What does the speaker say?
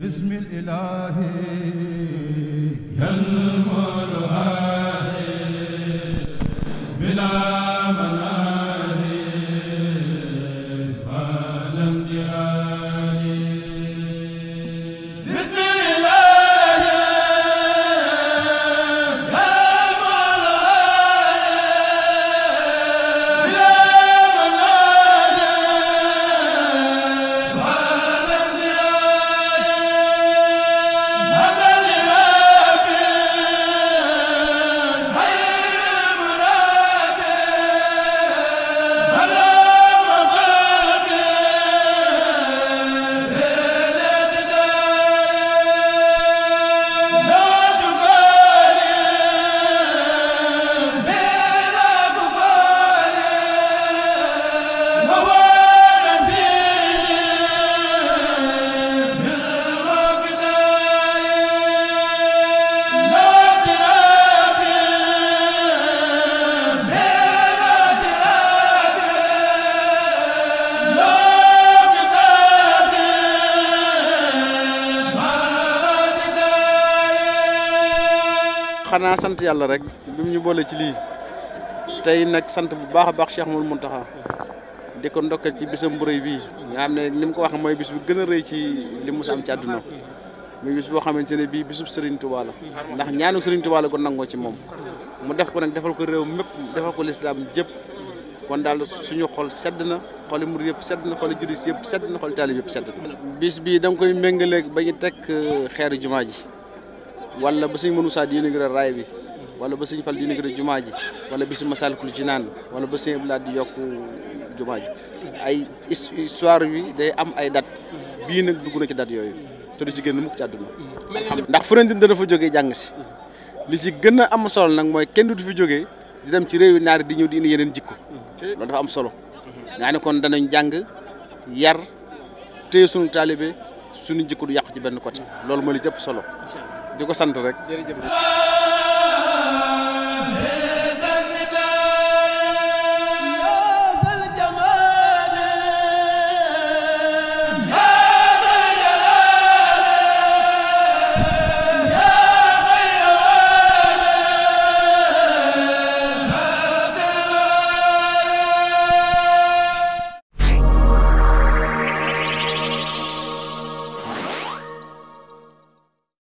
بسم الإله يا الملعب xanaa sant yàlla rek bi mu ñu boole ci lii tey nag sant bu baax a baax Cheikh Moul Mountakha di ko ndokkal ci bisam bu rëy bii nga xam ne ni mu ko waxee mooy bis bu gën a rëy ci li mu am ci àdduna muy bis boo xamante ne bii bisub Serigne Touba ndax ñaanu Serigne Touba la ko nangoo ci moom mu def ko nag defal ko réew mépp defal ko lislaam jëpp kon daal suñu xol sedd na xooli mur yëpp sedd na xooli juris yëpp sedd na xooli taalib yëpp sedd na bis bii da nga koy méngaleeg ba ñu teg euh, xeeru jumaa ji wala ba sëñ Moussa di inaugurer raay bi wala ba sëñ Fall di inaugurer jumaa ji wala bisu Masaalikul Jinaan wala ba sëñ Abdoulaye di yokk jumaa ji ay histoire bi day am ay date bii nag dugg na ci date yooyu te du ci génn mukk ci ndax fu ne dana fa jógee jàng si li ci gën a am solo nag mooy kenn du fi jógee di dem ci réew yi naar ñëw di yeneen jikko loolu am solo nga ne kon danañ jàng yar téye sunu taalibe sunu jikko du ci benn côté loolu mooy li jëpp solo di sant rek jërëjëf